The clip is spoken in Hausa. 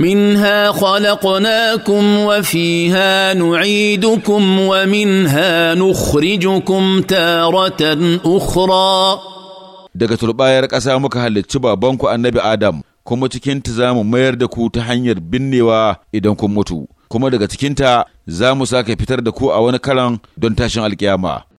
منها خلقناكم وفيها نعيدكم ومنها نخرجكم تارة أخرى daga turbayar ƙasa muka halicci babanku annabi Adam kuma cikinta za mu mayar da ku ta hanyar binnewa idan kun mutu kuma daga cikinta za mu sake fitar da ku a wani karan don tashin alkiyama